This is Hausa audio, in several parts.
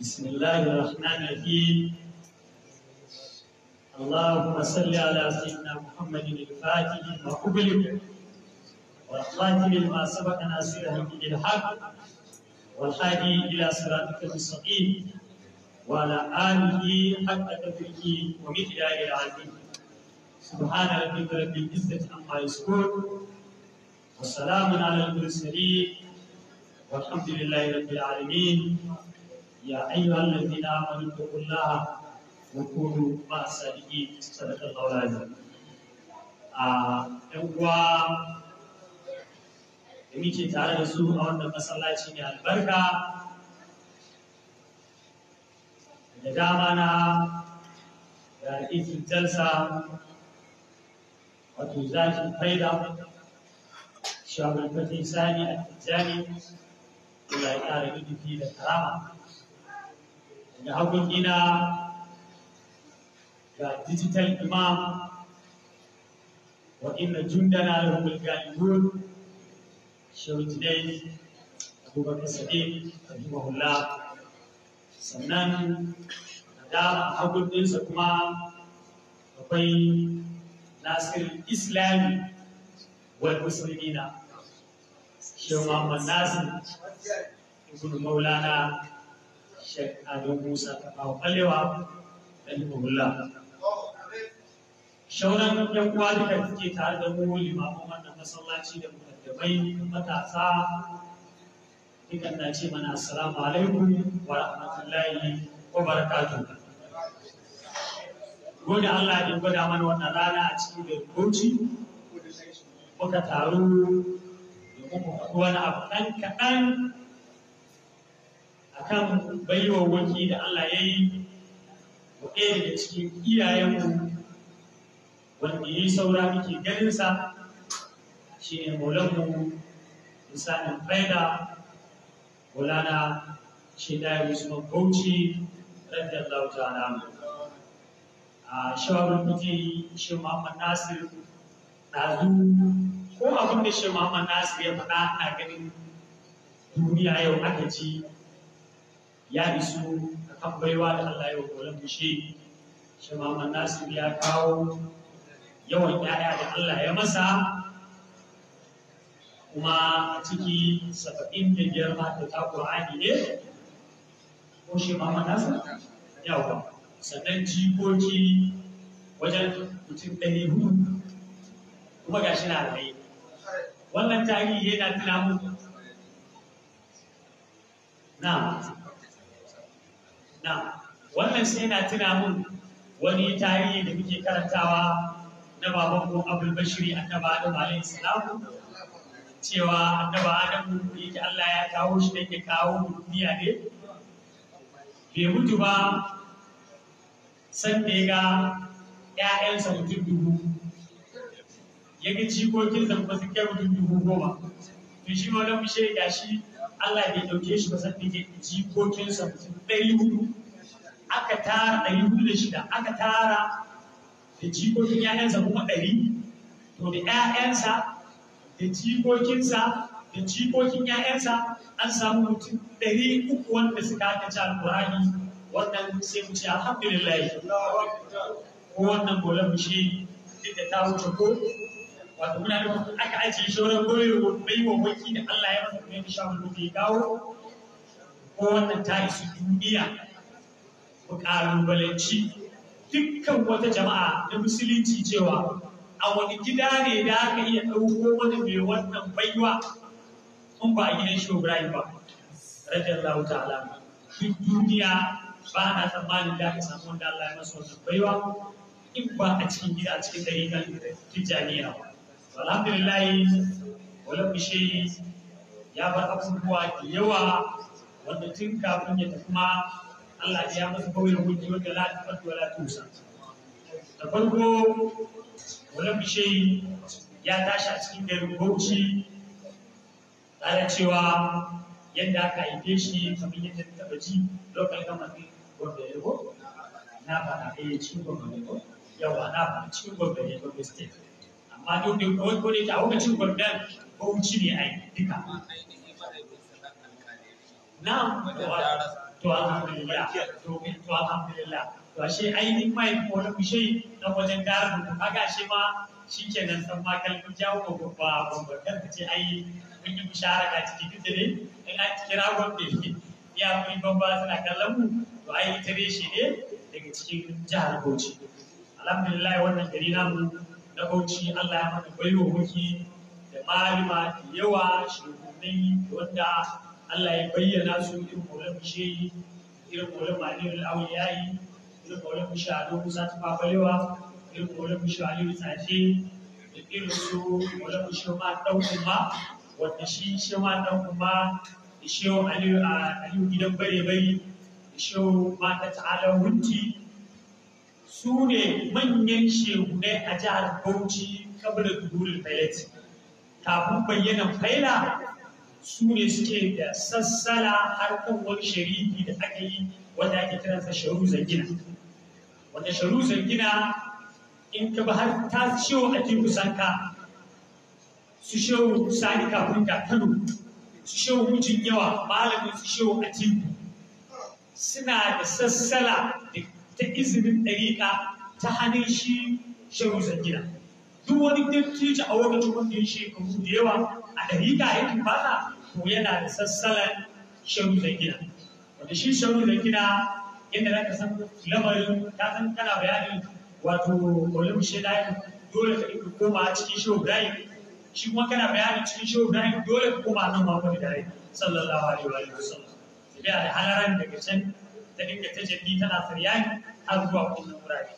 بسم الله الرحمن الرحيم اللهم صل على سيدنا محمد الفاتح ما أغلق والخاتم لما سبق ناصره الحق والهادي إلى صراطك المستقيم وعلى آله حق قدره ومثل العظيم سبحان ربك رب العزة عما يصفون وسلام على المرسلين والحمد لله رب العالمين Ya ayyuhannan gida wani bukullaha, ko kuma ba a sadakin sadakar aure a ƴan uwa ya wuce tare da su a wannan masallacin ya yi Da dama na ya yi ita tansa a tuzajin faizan, shagunan kaffin Sani a tafiya ne, ya ƙara duki da taraha. da hagun ina ga digital imam wa inna jundana lahumul galibun shehu jinai abubakar sadiq rahimahullah sannan da hagun ɗinsa kuma akwai nasir islami wal musulmina shehu muhammad nasir ibn maulana shek ado musa ta kawo kwalewa kalmullah Shaunan yan uwa da suke tare da mu limamin wannan masallaci da mukaddabai matasa dukan na ce mana assalamu alaikum wa rahmatullahi wa barakatuh gode Allah ya gwada mana wannan rana a cikin da rubuci muka taru domin mu wani abu ɗan kaɗan akan baiwa waki da Allah ya yi wa ɗaya daga cikin iyayenmu wanda ya yi saura muke ganinsa shi ne maulanmu misalin faida maulana shi ɗaya mabauci bauchi radiyallahu na mu a shawarar kuke shi muhammad nasir ɗazu ko abin da shi muhammad nasir ya faɗa a ganin duniya yau aka ci. ya isu da kabbaiwa da Allah ya wa bushe shi Muhammad Nasir ya kawo yawan ‘ya'ya da Allah ya masa kuma a ciki saba'in da biyar ta Qur'ani ne ko shi Muhammad Nasir yawa sannan jikoki wajen mutum ɗari hudu kuma ga na raye wannan tarihi yana tuna na na wannan sai yana tuna mun wani tarihi da muke karantawa na ko abul bashiri annaba adam alayhi salam cewa annaba adam yake Allah ya kawo shi da yake kawo duniya ne bai mutu ba san da ya ga ‘ya'yansa mutum dubu ya ga jikokinsa kuma sun mutum dubu goma to shi ma wani mushe shi Allah bai ɗauke shi ba san da ke jikokinsa mutum ɗari hudu aka tara ɗari hudu da shida aka tara da jikokin ‘ya'yansa kuma ɗari to da ‘ya'yansa da jikokinsa da jikokin ‘ya'yansa an samu mutum ɗari uku wanda suka haka ci alƙur'ani wannan sai mu ce alhamdulillah ko wannan bolan mu shi duk da ta wuce ko wato muna nufin aka ajiye shoran goyo mai wawaki da Allah ya masa mai shawar lokaci ya kawo ko wannan ta isu duniya ku kalubalanci dukkan wata jama'a na musulunci cewa a wani gida ne da aka iya ɗauko wani mai wannan baiwa in ba a gidan shi Ibrahim ba radiyallahu ta'ala duk duniya ba na tsammanin da aka samu wanda Allah ya masa wannan baiwa in ba a cikin gida a cikin dariƙar Tijjaniya ba alhamdulillah wala shi ya bar abubuwa da yawa wanda tun kafin ya tafi ma Allah ya masa kawai hujji wanda la ta fadu wala tusa da farko wala shi ya tashi a cikin garin Bauchi tare cewa yadda aka haife shi kamar yadda ta taɓa ji lokacin gama wanda ya na faɗa ɗaya eh, cikin gwamnati yawa na faɗa cikin gwamnati ya state a to din kawai ko ne ta hauka cin gwardan ko wuci ne ai duka na to alhamdulillah to to alhamdulillah to ashe ainihin mai ko na kushe na wajen daren da kaga shi ma nan san ma kalmar jawo ko ba gwardan ta ce ai mun yi musharaka cikin duk da ne in an kira gwamnati ya mun bamba suna kallon mu to ai ita ne shi ne daga cikin jihar Bauchi alhamdulillah wannan gari namu da hauci Allah ya mana muke da malima da yawa shugabanni wanda Allah ya bayyana su irin maulan shehi irin maulan maliyar awuyayi irin maulan shado kusa ta fafalewa irin maulan shaliyu tsafe da irin su maulan shema dan kuma wanda shi ma dan kuma shehu shi a aliyu gidan bare bare ma ta ta'ala hunti su ne manyan shehunai a jihar Bauchi kabirin Nurul Failat. Kafin bayyana faila su ne suke da sassala harkar sharifi da aka yi wanda ake kiransa sharu zangina. Wanda sharu zangina in ka bi har ta ciwo a kusan ka su shehu sani kafin da Kano su shehu mijin yawa malamin su shehu a suna da sassala da ta izinin ɗariƙa ta hannun shi shehu gida. duk wani dattijo a lokacin wanda ya shekaru da yawa a ɗariƙa yake fata to yana da sassalan shehu gida. wanda shi shehu gida yadda za ka san lamarin ta san kana bayanin wato olim shedayin dole ka ɗin koma cikin shehu ibrahim shi kuma kana bayanin cikin shehu ibrahim dole ka koma nan muhammadu dare sallallahu alaihi wa sallam. Tafiya da halaran daga can ta dinga tana siryani har zuwa kullum wurare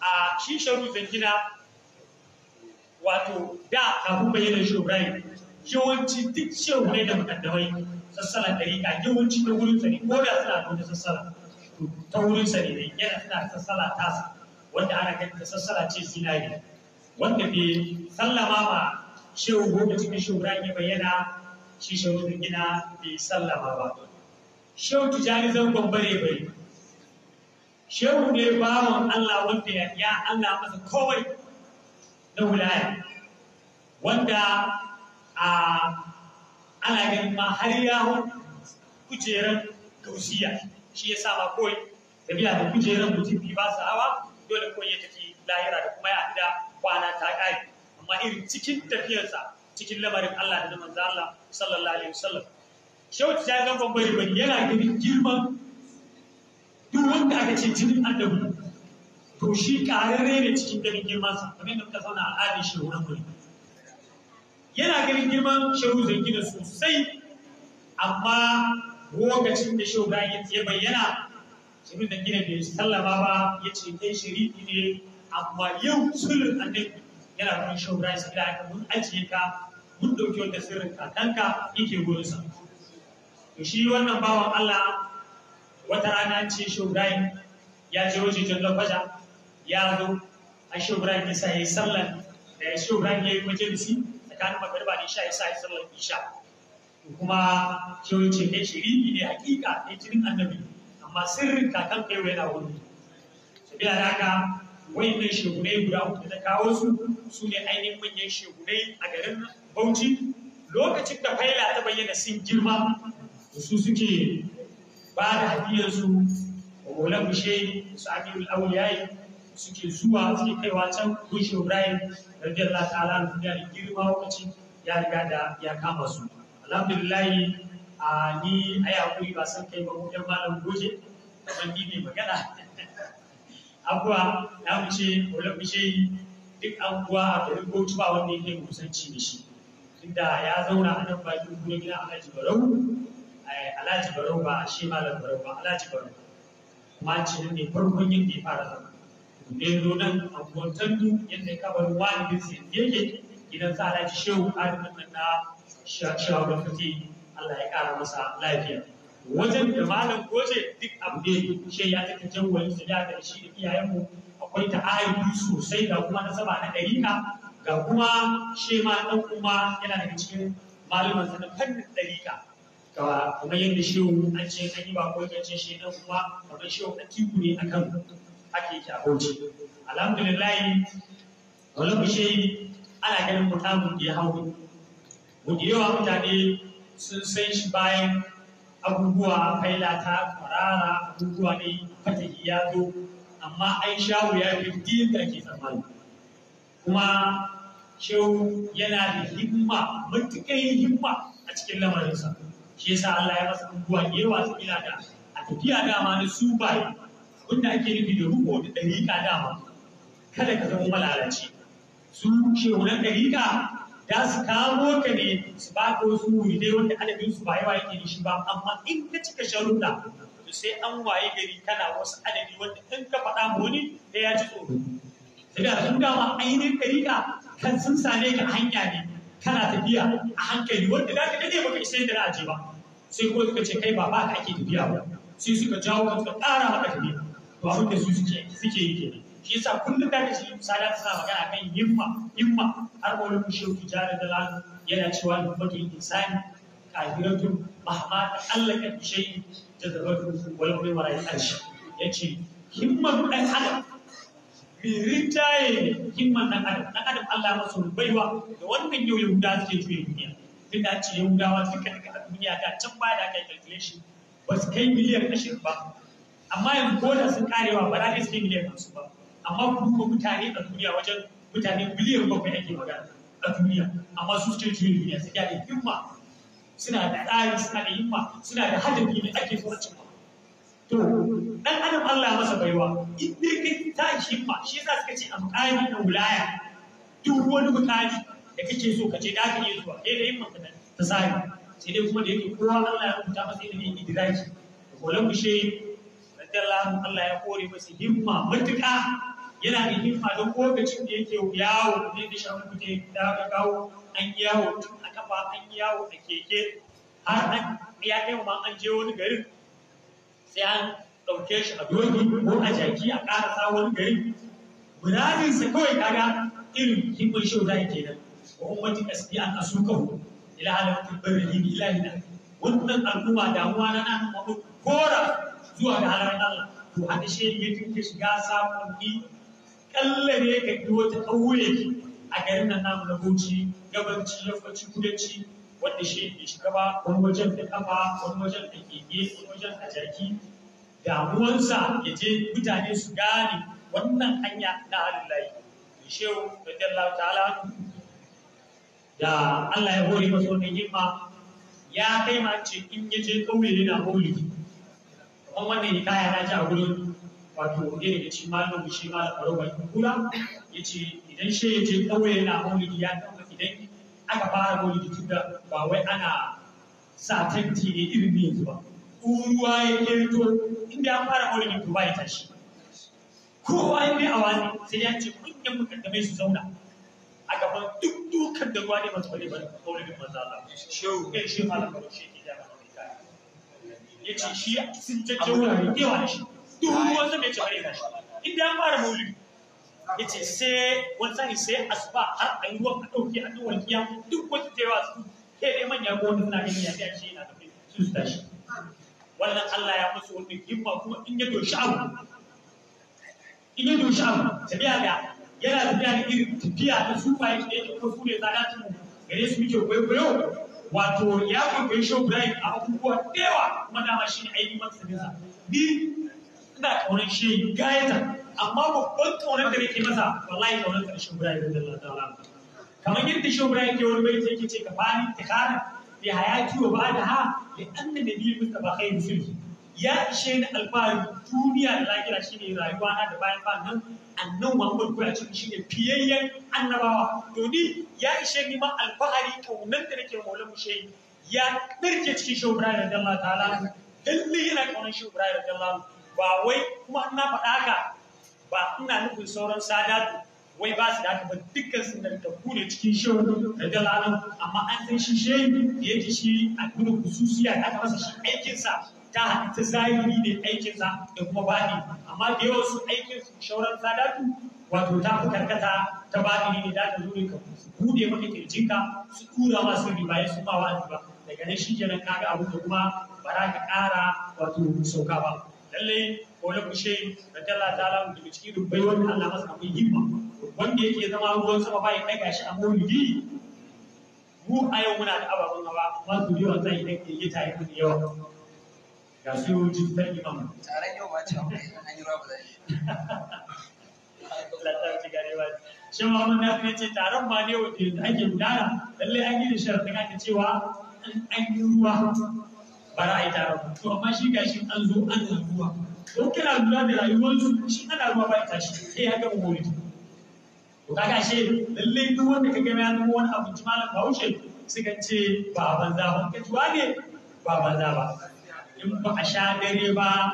a shi sharu gina wato da kafin bayyana shi ibrahim yawanci duk shehurai da mukaddamai sassala dariƙa yawanci ta wurin sani, ko da suna da sassala ta wurin sani ne yana suna sassala tasa wanda ana ganin ta sassala ce zinari wanda bai sallama ba, shehu gobe cikin shehu ya bayyana shi shehu gina bai sallama ba shehu Tijjani zan gwambare bai shehu ne bawan Allah wanda ya Allah masa komai na wilaya wanda a ana ganin ma har yawon kujerar gausiya shi ya sama kowai kawai tafiya da kujerar mutum bi ba su hawa dole kawai ya tafi lahira da kuma ya da kwana ta ƙare amma irin cikin tafiyarsa cikin lamarin Allah da manzo Allah sallallahu alaihi wasallam shawci ya zan bambari ba yana ganin girman duk wanda aka ce jinin annabi to shi ƙararre ne cikin ganin girman sa kamar yadda muka sauna al'adar shehunan mu yana ganin girman shehu zai gina sosai amma lokacin da shehu bayan ya bayyana shirin da gina bai sallama ba ya ce kai shiri ne amma yau sulhun annabi yana gurin shehu bayan gida aka mun ajiye ka mun ɗauki wanda sirrin kakanka yake gurinsa. sa to shi wannan bawan Allah wata rana ce shi ya ji roji jallon kwaja ya zo a shi ya sa ya yi sallan da shi ya yi majalisi tsakanin magariba da isha ya sa ya sallan isha kuma shi ya ce kai eh, shiri ne hakika ne jirin annabi amma sirrin kakan kai yana wuri sabila da haka wayannan shegunai guda uku da kawo su su ne ainihin manyan shugunai a garin Bauchi lokacin da faila ta bayyana sun girma su suke ba da su, wa mola kushe su amirul auliyayi suke zuwa suke kaiwa can kushe ibrahim radiyallahu ta'ala da da girma lokaci ya riga da ya kama su alhamdulillahi a ni ai ba san kai ba mu yan malam goje kamar ni mai magana abuwa ya mu ce kushe duk kuwa a garin bauchi ba wanda yake kusanci da shi inda ya zauna a nan bakin gida gida alhaji barau alhaji barau ba shi malam barau ba alhaji barau kuma ci ne farkon yin da ya fara zama ne zo nan yadda ya kabar walibin sai yake gidan sa alhaji shehu adamin nan na shawarar fiti Allah ya kara masa lafiya wajen da malam goje duk abu ne shi ya take jangwalin su da da shi da iyayenmu akwai ta ayyuka sosai da kuma nasaba na ɗarika ga kuma shi ma ɗan kuma yana daga cikin malaman na fannin ɗarika ga kamar yadda shehu an ce an yi bakon yancin shi dan kuma kamar shehu an tiku ne akan ake a abinci alhamdulillah wani bishe ana ganin mutum da ya hau wanda yawa mutane sun san shi bayan abubuwa faila ta kwarara abubuwa ne fatahi ya zo amma ai shawu ya fi din da ke tsammani kuma shehu yana da himma matuƙai himma a cikin lamarinsa shi yasa Allah ya masa abubuwa da yawa su ina da a tafiya dama na su bai wanda ake nufi da ruko da ɗariƙa dama kada ka zama malalaci su shehunan ɗariƙa da su kawo ka ne su ba ka wasu dai wanda adabin su ba yawa yake da shi ba amma in ka cika sharuɗa to sai an waye gari kana wasu adabi wanda in ka faɗa ma wani da ya ji tsoro. Daga sun dama ainihin ɗariƙa kan sun same ka hanya ne kana tafiya a hankali wanda za ka dade maka isai da za ba sai kuma suka ce kai ba ba ka ake tafiya ba sai suka jawo ka suka ƙara maka tafiya to abin da su suke suke yi ke shi yasa kullum da kace misali ta sa magana kan himma himma har wani ku tijara da lan yana cewa lumbatul insani kafiratun mahma ta allaka bi shay'in jazabatu wal umri wa ra'ayat yace himma dan adam birintaye himman ɗan adam ɗan adam Allah masa baiwa da wannan yau yahuda suke juya duniya tunda ce yahudawa suka daga duniya da can baya da kai calculation ba su kai miliyan ashirin ba amma yanzu ko da sun karewa ba za su kai miliyan hamsin ba amma ku duba mutane a duniya wajen mutane miliyan bakwai ake magana a duniya amma su ce juya duniya suke da himma suna da tsari suna da himma suna da hadafi ne ake so a cimma to dan adam Allah ya masa baiwa idan ka ta himma shi yasa suka ce a mukamin da wulaya duk wani mukami da kake so ka ce da ka yi zuwa dai da yin ka ta sai sai dai kuma da yake kowa Allah ya rubuta masa ilimin idraki da kolan bishe radiyallahu Allah ya kore masa himma matuƙa yana da himma don lokacin da yake yawo ne da shan kuɗe da ka kawo an yawo tun a kafa an yawo a keke har ya kai ma an je wani garin sai an ɗauke shi a doki ko a jaki a ƙara sawon gari muradinsa kawai kaga irin himmin shauda kenan wa ummati a an asukahu ila halakatil barri bi ilahina wannan al'umma damuwa na nan mu kora zuwa ga halaran Allah to haka shi ne tun ke shiga sakonni kalle ne ka wata kauye a garin nan namu na Bauchi gabanci yafaci kudanci wanda shi ne shugaba, wani wajen da kafa wani wajen da keke wani wajen a jaki damuwansa ya je mutane su gane wannan hanya na halin layi da shehu da tallar ta'ala da Allah ya hore masa wannan himma ya kai ma ce in ya je ƙauye ne na holi kuma wannan ya kaya na ji a gurin wato ne daga cikin malamu shi malam Baroba Kula ya ce idan shi ya je ƙauye na holi ya aka fara maulidi tun tunda ba wai ana sa tanti ne irin ne yanzu ba ruwa ya kirto inda an fara maulidi to tuba ya tashi kowa ya mai awazi sai ya ce kunyan mukaddamai su zauna a gaban duk dukan da ruwa ne masu bane ba ba za Allah shehu kai shi malam ko shi ke da ya ce shi sun jajjawo ne yawa da shi duk ruwan zama ya ce bare shi inda an fara maulidi ya ce sai wani sani sai asuba har a yi ruwan a ɗauki a ɗauwan kiya duk wata tewa su ke dai manya ko wani suna gani ya fi ashe yana tafi su su tashi wannan Allah ya musu wani himma kuma in ya doshi abu in ya doshi abu tafiya da yana tafiya da irin tafiya da sufa bayan da yake kuma su ne zanatin gare su muke kwaikwayo wato ya kwaikwayi shi Ibrahim a abubuwa tewa kuma dama shi ne ainihin masu nisa ni ina kaunar shi gayatan amma babban kaunar da nake masa wallahi kaunar karshen guda idan Allah ta'ala kamar yadda shi guda ke wani bai yake ce ka fani tikara bi hayati wa ba'da ha li anna nabiyyu mustafa khairu sulhi ya ishe ni alfahari duniya da lahira shine rayuwa na da bayan ban nan annan Muhammad ko a cikin shine fiyayyen annabawa to ni ya ishe ni ma alfahari kaunar da nake maulan mu shehi ya ɗarke cikin shehu Ibrahim da Allah ta'ala lalle yana kaunar shehu Ibrahim da Allah ba wai kuma na faɗa ka? ba ina nufin sauran sadatu wai ba su dace ba dukkan su da ne cikin shirin da dalalan amma an san shi shehu da yake shi a gudu kususiya da aka masa shi aikinsa ta hadu ta zahiri ne aikinsa da kuma ne amma da yawan su aikin su shauran sadatu wato ta fi karkata ta baɗi ne da ta zo ka bude maka kirjinka su tura masu riba ya su ba wa'azi ba daga nan shi kenan kaga abu da kuma ba za ka ƙara wato sauka ba lallai ko na kushe da talla ta lamu daga cikin dubbai wanda Allah masa akwai himma wanda yake zama ruwan sama ba bai kai gashi a maulidi mu a yau muna da ababen hawa amma su yawa zai idan ke yi tare da yawa ga su yau jin san imam taron yau ba ce an yi ruwa ba zai Shin Muhammad wani ya ce taron ma ne wanda yanzu ake gudana lallai an yi da sharaɗin aka cewa an yi ruwa ba za a yi taron to amma shi gashi an zo an ruwa in kana lura da rayuwarsu shi ana ruwa ba ita shi sai ya gama maulidi to kaga she lallai duk wanda ka gama ya zama wani abinci malam bahaushe suka ce ba banza ba ka tuwa ne ba banza ba in ba a sha dare ba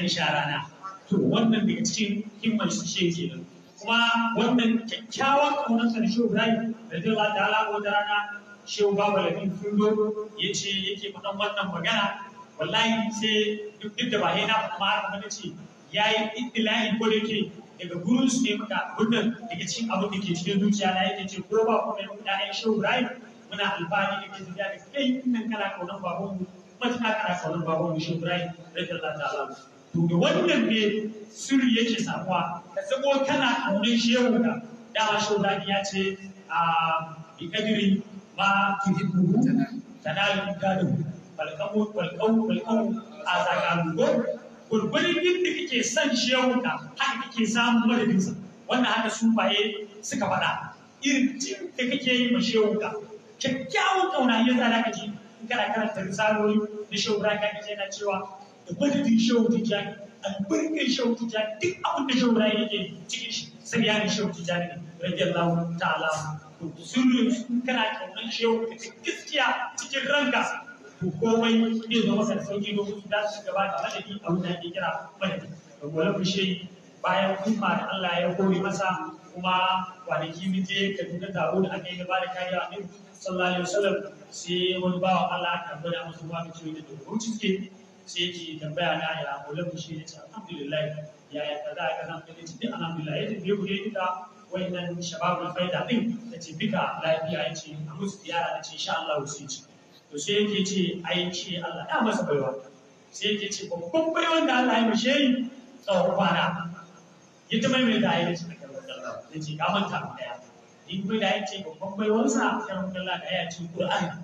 an sha rana to wannan daga cikin himmar su she kenan kuma wannan kyakkyawan kaunar karshe Ibrahim da zai ba ta ala rana shehu babu lafin fundo ya ce yake faɗan wannan magana wallahi sai duk duk da ba na faɗa ma haka bane ce yayi ittilahi ko da ke, daga gurin su ne muka wannan daga cikin abin da ke cikin zuciya na yake ce ko ba kuma yau da ai shehu Rai, muna alfani da ke zuciya da kai nan kana kaunar baban mu matuƙa kana kaunar baban mu shehu Ibrahim radiyallahu ta'ala to da wannan ne sirri yake samuwa ka zamo kana kaunar shehu ka dama shehu Rai ya ce a ah, bi kadiri ma tuhibbu tanalu gadu balkamu balkamu balkamu a tsakanin gurgurin inda kake son shi ya huta haka kake samun madadinsa wannan haka sufaye suka faɗa irin jin da kake yi ma shi ya huta kyakkyawan kauna ya tsada ka ji kana karanta risaloli na shehu raka kake yana cewa da madadin shehu tijjani albarkin shehu tijjani duk abin da shehu raka yake cikin shi sai ya ni shehu tijjani radiyallahu ta'ala sirrin kana kaunan shehu cikin gaskiya cikin ranka komai zai zama masa da sauki domin su dace gaba da madadi a wuta ake kira madadi da gola fushi bayan kuma da Allah ya kore masa kuma kwanaki mun je Kaduna taro da aka yi gaba da kariya Annabi sallallahu alaihi wasallam sai wani bawa Allah aka bada masa ruwa da ciwo da dogon cike sai yake tambaya na ya gola fushi ne ce alhamdulillah ya ya kaza ya kaza mun ce duk alhamdulillah yadda bai gure ita wayannan shababul faida din ta ce bika lafiya ce, a musu tiyara da ce insha Allah sai ce to sai yake ce ai ce Allah ya masa baiwa sai yake ce babban baiwan da Allah ya mashi yi tsawon kwana yi ta maimai da ayyar shi daga Allah da ce ka manta mu daya yi kuma da ya ce babban baiwansa sa manta Allah da ya ce Qur'ani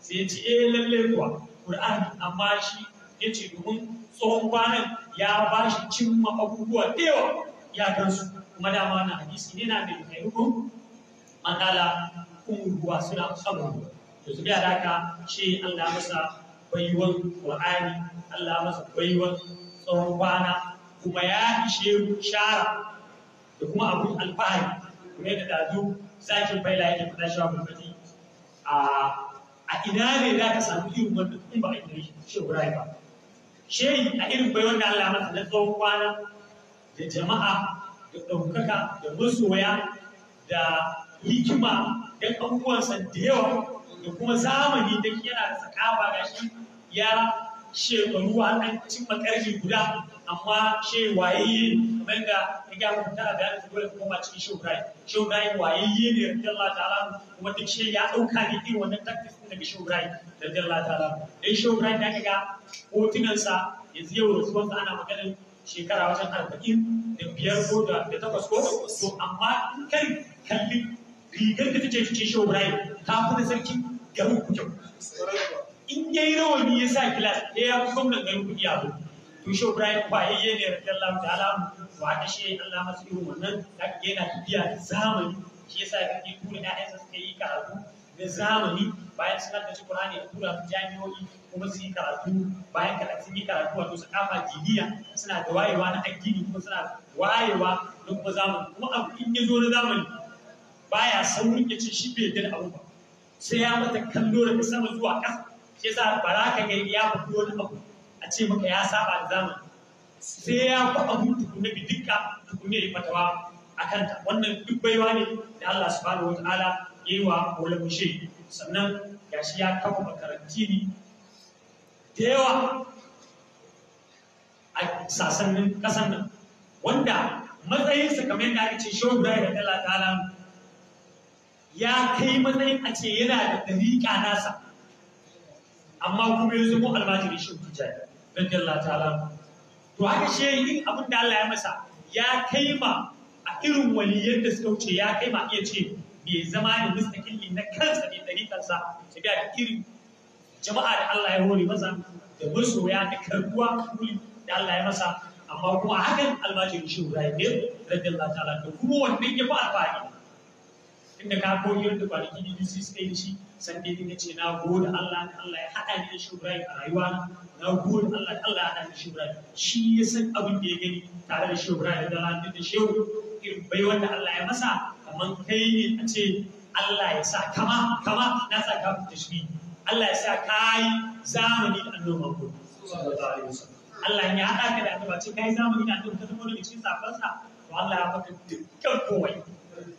sai ya ce eh lalle kuwa Qur'ani amma shi ya ce domin tsohon kwanan ya ba shi cimma abubuwa da yawa ya gansu kuma dama na hadisi ne na da kai makala kun ruwa suna samun ruwa Yanzu su da haka shi Allah masa baiwan Qur'ani Allah masa baiwan tsawon kwana kuma ya ishe shara da kuma abun alfahari kuma yadda dazu sakin faila yake fada shi wa mulkati a a ina ne za ka samu irin wannan in ba a kire shi shi Ibrahim ba shehi a irin baiwan da Allah masa na tsawon kwana da jama'a da ɗaukaka da masoya da hikima don abubuwansa da yawa da kuma zamani duk yana da tsakawa ga shi ya shekaru a an cimma ƙarfi guda amma waye she wayayye kamar da ya ga mutum tana da yanzu dole kuma cikin shehu ibrahim shehu ibrahim wayayye ne radiyallahu ta'ala kuma duk she ya ɗauka ne irin wannan taktis ɗin daga shehu ibrahim radiyallahu ta'ala dan shehu ibrahim ya ga hotunansa yanzu yau rasuwarsa ana maganar shekara wajen arba'in da biyar ko da da takwas ko to amma kai kalli rigar da take cikin shehu ibrahim ta fi da sarki garin ku kyau in ya yi rawani ya sa gilas ya eh, ya fi gwamnan garin kuɗi a gudu to shi Ibrahim ba yayye ne radiyallahu alamu. wa ta shi Allah masu irin wannan yana tafiya da zamani shi yasa kake tura ƴaƴansa suka yi karatu da zamani bayan suna da haddace Qur'ani da tura su jami'o'i kuma su yi karatu bayan karatu sun yi karatu wato su kafa jiniya suna da wayewa na addini kuma suna wayewa na kuma zamani kuma abu in ya zo na zamani baya saurin ya ce shi bai yarda da abu ba sai ya mata kallo daga sama zuwa ƙasa shi yasa ba za ka ga ya fito wani abu a ce maka ya saba da zamani sai ya faɗa mu tukunna bi dukka tukunna ya fatawa a kanta wannan duk baiwa ne da Allah subhanahu ta'ala ya yi wa wani sannan gashi ya kafa makaranti ne da yawa a sasannin ƙasar nan wanda matsayinsa kamar yadda ake ce shehu Ibrahim da Allah ta'ala ya kai matsayin a ce yana da ɗariƙa nasa amma kuma ya zama almajiri shi tijjani ta ta'ala to haka shi yin abin da Allah ya masa ya kai ma a irin wani yadda suka wuce ya kai ma iya ce bai zama da ne na kansa ne ɗariƙarsa ta biya da irin jama'a da Allah ya hore masa da masoya da karbuwa kuli da Allah ya masa amma kuma hakan almajiri shi ne ta ta'ala da kuma wannan ya fi alfahari Inda ka goyi yadda kwanaki da bisi suka yi shi san dai na ce na gode Allah da Allah ya haɗa ni da shi Ibrahim a rayuwa na gode Allah da Allah ya haɗa ni da shi Ibrahim shi ya san abin da ya gani tare da shi Ibrahim da Allah da shi irin bai wanda Allah ya masa kaman kai ne a ce Allah ya sa kama kama na sa ka fita shi Allah ya sa kai zamani da annoban ko Allah ya haɗa ka da annoba ce kai zamani da annoba ka zama daga cikin safansa to Allah ya da dukkan kowai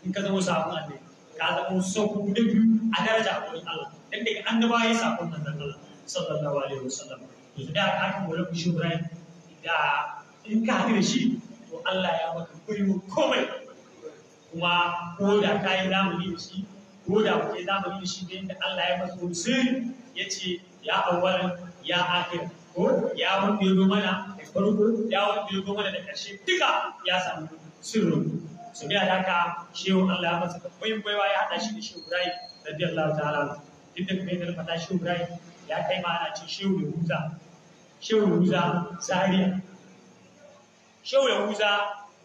in ka zama sabon annabi ya zama sauku na biyu a daraja a wurin Allah dan daga annaba ya sakon manzon Allah sallallahu alaihi wasallam to da ka aka mura bishi Ibrahim da in ka haɗu da shi to Allah ya maka gurbi komai kuma ko da ta yi zamani da shi ko da kuke zamani da shi ne da Allah ya maka sirri ya ce ya awwalan ya akhir ko ya wani ya mana da farko ya wani ya mana da ƙarshe duka ya samu sirrin su bi alaka shehu Allah ya masa koyin baiwa ya hada shi da shehu Ibrahim radiyallahu ta'ala duk da kuma yana faɗa shehu Ibrahim ya kai ma ana ce shehu Yahuza shehu Yahuza Zaria shehu ya huza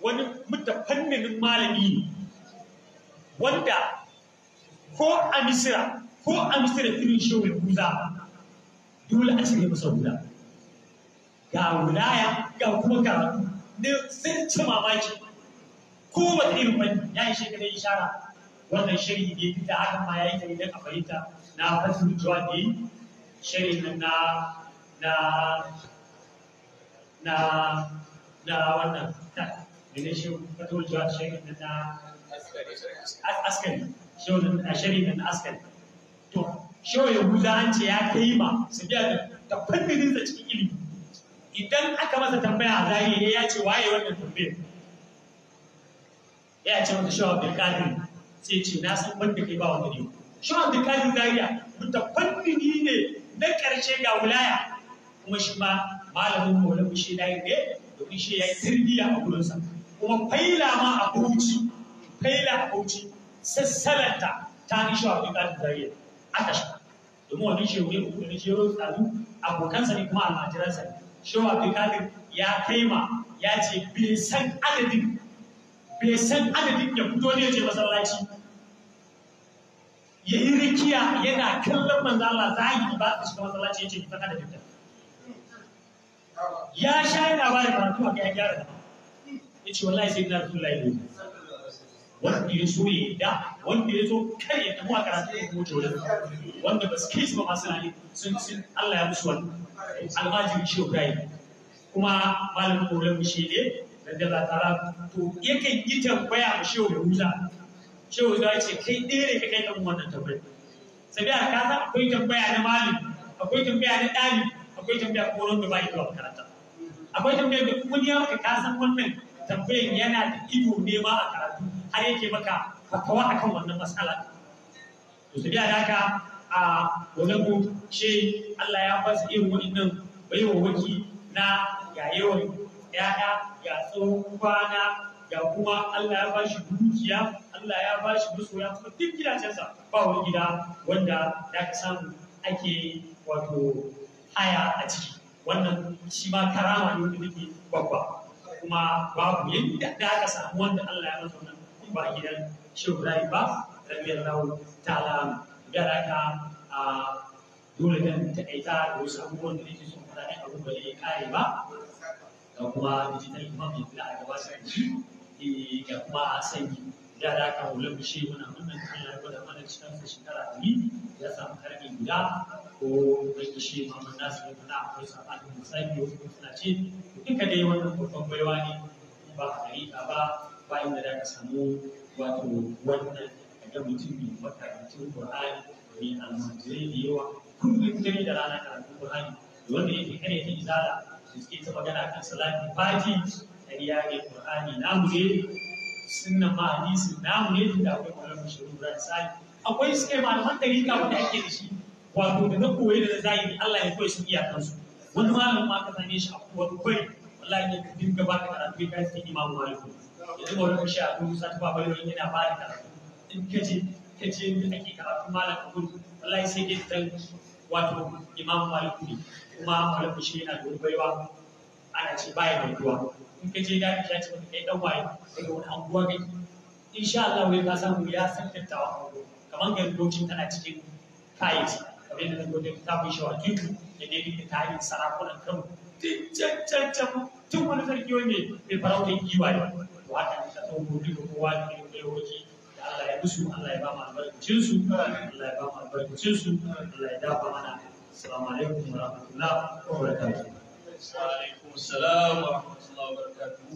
wani mutafannin malami wanda ko a Misira ko a Misira irin shehu ya huza. dole a shirya masa hula ga wilaya ga kuma karatu ne sun ci mamaki kowace irin fanni ya yi shekarar ishara wannan shirin ne duk da hakan ma ya yi ta idan a fahimta na fasul ne shirin na na na na wannan ne shi fatul jawabi shiri na askari shiri na askari to shawar yahuda an ce ya kai ma su biya da fannin cikin ilimi idan aka masa tambaya a zahiri ya ce waye wannan tambayar ya ce maka shawar bilkarin sai ce na san wanda kai ba wanda ne shawar bilkarin zariya wanda fannini ne na ƙarshe ga wilaya kuma shi ma malamin wani shi da ne domin shi ya yi tarbiyya a gurinsa kuma faila ma a bauchi faila a bauchi sassalanta ta ni shawar bilkarin zariya aka shi domin wani shehu ne uku ne shehu tsaro abokansa ne kuma almajiransa ne shehu abdulkadir ya kai ma ya ce bai san adadin bai san adadin ya fito ne je masallaci ya yi rikiya yana kallon manzo Allah yi ba su shiga masallaci ya ce ki san da ta ya sha yana ba da karatu a kai gyara da ya ce wallahi sai na tun layi wanda ya so ya da wanda ya so kar ya tafi a karatu ya kuma jola wanda ba su kai su ba masu rani sun sun Allah ya musu wani almajiri shi kuma malamin koren shi ne radiyallahu ta'ala to yakan yi tambaya a shehu Yahuza shehu Yahuza ya ce kai ɗaya ne ka kai ɗan wannan tambaya sabiya a san akwai tambaya na mali, akwai tambaya na ɗalibi akwai tambaya ko wanda ba ya zuwa makaranta akwai tambaya da wani ya maka ka san wannan tambayan yana da ido nema a karatu har yake maka fatawa akan wannan matsala to sabiya da haka a walabu ce Allah ya fasa irin wa'annan baiwa waki na yayewan ya'ya ga tsawon kwana ga kuma Allah ya bashi dukiya Allah ya bashi masoya kuma duk gidajensa ba wani gida wanda da ka samu ake wato haya a ciki wannan shi ma karama ne wanda nake babba kuma babu yadda da aka samu wanda Allah ya masa wannan ba gidan shehu rai ba rabiyallahu ta'ala garaka a dole ta aita da wasu abubuwan da yake son faɗa ne abubuwan da ya kare ba ga kuma digital farming da aka wasa yi ga kuma sanyi da da aka wula bishe muna wannan kan ya gwada mana cikin sa shekara ɗari ya samu karfi guda ko mai bishe ma mun nasu ne muna akwai sabanin misali wasu mutuna ce duka dai wannan babban baiwa ne ba a gari ba ba inda da ka samu wato wannan ga mutum mai makarantun Qur'ani mai almajirai da yawa kullum dare da rana karatun Qur'ani wanda yake kare ta izala suke ta magana kan salati fati ƙarya ne ƙur'ani namu ne sunnan ma hadisin namu ne da akwai akwai malaman wanda ake da shi wato da na koyi da na zahiri Allah ya koyi su iyakansu wani malamin ma ka same shi a wani kwai wallahi ne ka dinga ba ka karatu imamu yanzu ba wani a duk sa ta yana ba da karatu in ka je ka je ake karatu malam a gudu wallahi sai ke ta wato imamu ne kuma wani fushi yana da baiwa ana ce baya mai ruwa in ka je da ka ce ka kai dan waye daga wani anguwa kake insha Allah wai ka samu ya san dattawa kamar ga lokacin tana cikin kayayyaki kamar yadda zan gode ta fi shawar kitu da dai duka yi sarakunan Kano can can tun wani sarki wani mai farautar giwa ne to haka ne ta tsohon gobe da kowa da irin da Allah ya musu Allah ya ba mu albarkacin su Allah ya ba mu albarkacin Allah ya dafa mana السلام عليكم ورحمة الله وبركاته وعليكم السلام ورحمة الله وبركاته